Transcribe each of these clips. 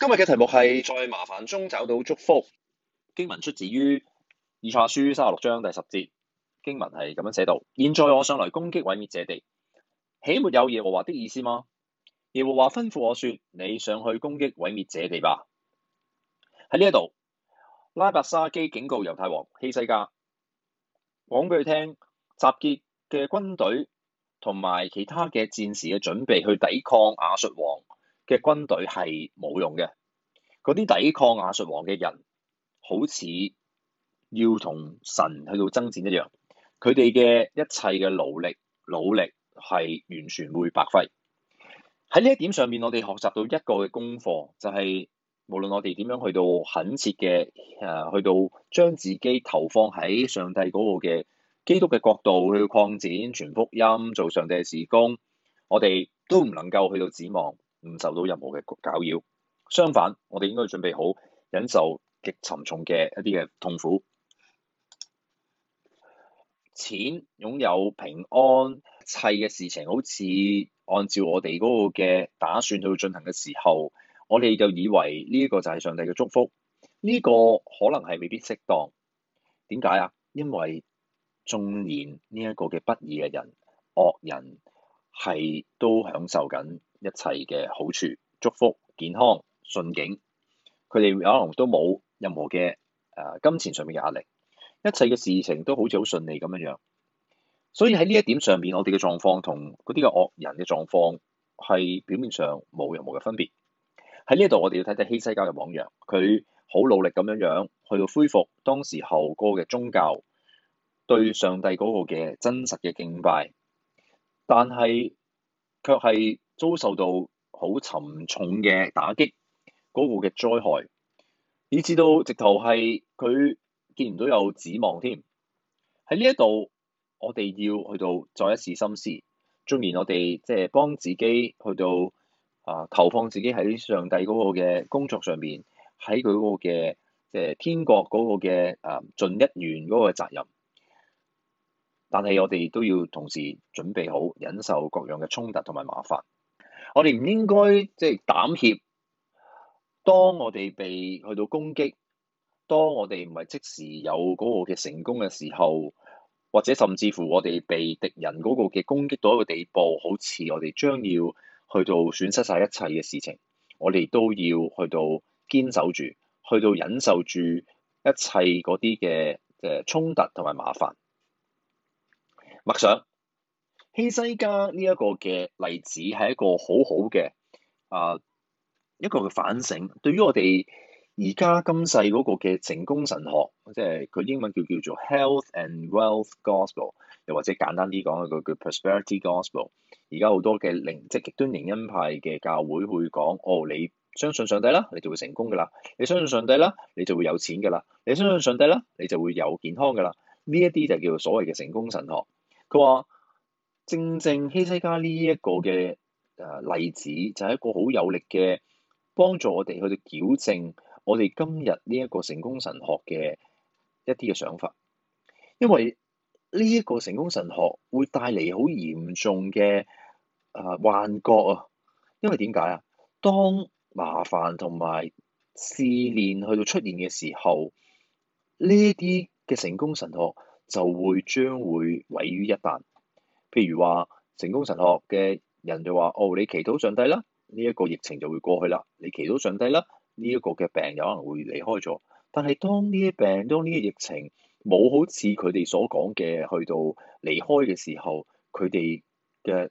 今日嘅題目係在麻煩中找到祝福。經文出自於《以賽亞書》三十六章第十節，經文係咁樣寫道：，現在我上來攻擊毀滅者地，豈沒有耶和華的意思嗎？耶和華吩咐我說：，你上去攻擊毀滅者地吧。喺呢一度，拉伯沙基警告猶太王希西家，講俾佢聽集結嘅軍隊同埋其他嘅戰士嘅準備去抵抗亞述王。嘅軍隊係冇用嘅，嗰啲抵抗亞述王嘅人，好似要同神去到爭戰一樣，佢哋嘅一切嘅努力、努力係完全會白費。喺呢一點上面，我哋學習到一個嘅功課，就係、是、無論我哋點樣去到懇切嘅誒，去到將自己投放喺上帝嗰個嘅基督嘅角度去擴展全福音、做上帝嘅事工，我哋都唔能夠去到指望。唔受到任何嘅攪擾，相反，我哋應該準備好忍受極沉重嘅一啲嘅痛苦。錢擁有平安，一切嘅事情好似按照我哋嗰個嘅打算去進行嘅時候，我哋就以為呢一個就係上帝嘅祝福。呢、呢個可能係未必適當，點解啊？因為縱然呢一個嘅不義嘅人、惡人係都享受緊。一切嘅好處、祝福、健康、順境，佢哋可能都冇任何嘅誒金錢上面嘅壓力，一切嘅事情都好似好順利咁樣樣。所以喺呢一點上面，我哋嘅狀況同嗰啲嘅惡人嘅狀況係表面上冇任何嘅分別。喺呢度，我哋要睇睇希西家嘅榜樣，佢好努力咁樣樣去到恢復當時候嗰個嘅宗教對上帝嗰個嘅真實嘅敬拜，但係卻係，遭受到好沉重嘅打擊，嗰個嘅災害，以至到直頭係佢見唔到有指望添。喺呢一度，我哋要去到再一次心思，縱然我哋即係幫自己去到啊投放自己喺上帝嗰個嘅工作上邊，喺佢嗰個嘅即係天國嗰個嘅啊盡一員嗰個責任。但係我哋都要同時準備好忍受各樣嘅衝突同埋麻煩。我哋唔應該即係、就是、膽怯，當我哋被去到攻擊，當我哋唔係即時有嗰個嘅成功嘅時候，或者甚至乎我哋被敵人嗰個嘅攻擊到一個地步，好似我哋將要去到損失晒一切嘅事情，我哋都要去到堅守住，去到忍受住一切嗰啲嘅誒衝突同埋麻煩，默想。希西家呢一個嘅例子係一個好好嘅啊一個嘅反省，對於我哋而家今世嗰個嘅成功神學，即係佢英文叫叫做 Health and Wealth Gospel，又或者簡單啲講，佢叫 Prosperity Gospel。而家好多嘅靈即係極端靈恩派嘅教會會講：哦，你相信上帝啦，你就會成功噶啦；你相信上帝啦，你就會有錢噶啦；你相信上帝啦，你就會有健康噶啦。呢一啲就叫做所謂嘅成功神學。佢話。正正希西家呢一個嘅誒例子，就係、是、一個好有力嘅幫助我哋去到矯正我哋今日呢一個成功神學嘅一啲嘅想法，因為呢一個成功神學會帶嚟好嚴重嘅誒、呃、幻覺啊！因為點解啊？當麻煩同埋試煉去到出現嘅時候，呢一啲嘅成功神學就會將會毀於一旦。譬如話成功神學嘅人就話哦，你祈禱上帝啦，呢一個疫情就會過去啦，你祈禱上帝啦，呢一個嘅病有可能會離開咗。但係當呢啲病，當呢個疫情冇好似佢哋所講嘅去到離開嘅時候，佢哋嘅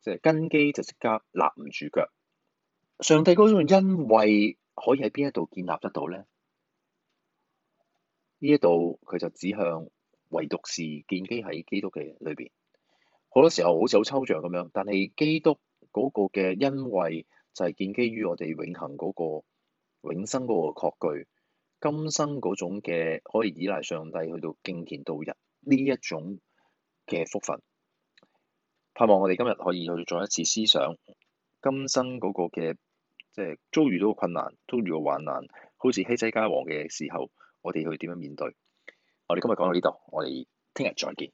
即係根基就即刻立唔住腳。上帝嗰種恩惠可以喺邊一度建立得到咧？呢一度佢就指向唯獨是建基喺基督嘅裏邊。好多時候好似好抽象咁樣，但係基督嗰個嘅恩惠就係建基於我哋永恆嗰個永生嗰個確據，今生嗰種嘅可以依賴上帝去到敬虔度日呢一種嘅福分。盼望我哋今日可以去做一次思想，今生嗰個嘅即係遭遇到困難、遭遇到患難，好似希西家王嘅時候，我哋去點樣面對？我哋今日講到呢度，我哋聽日再見。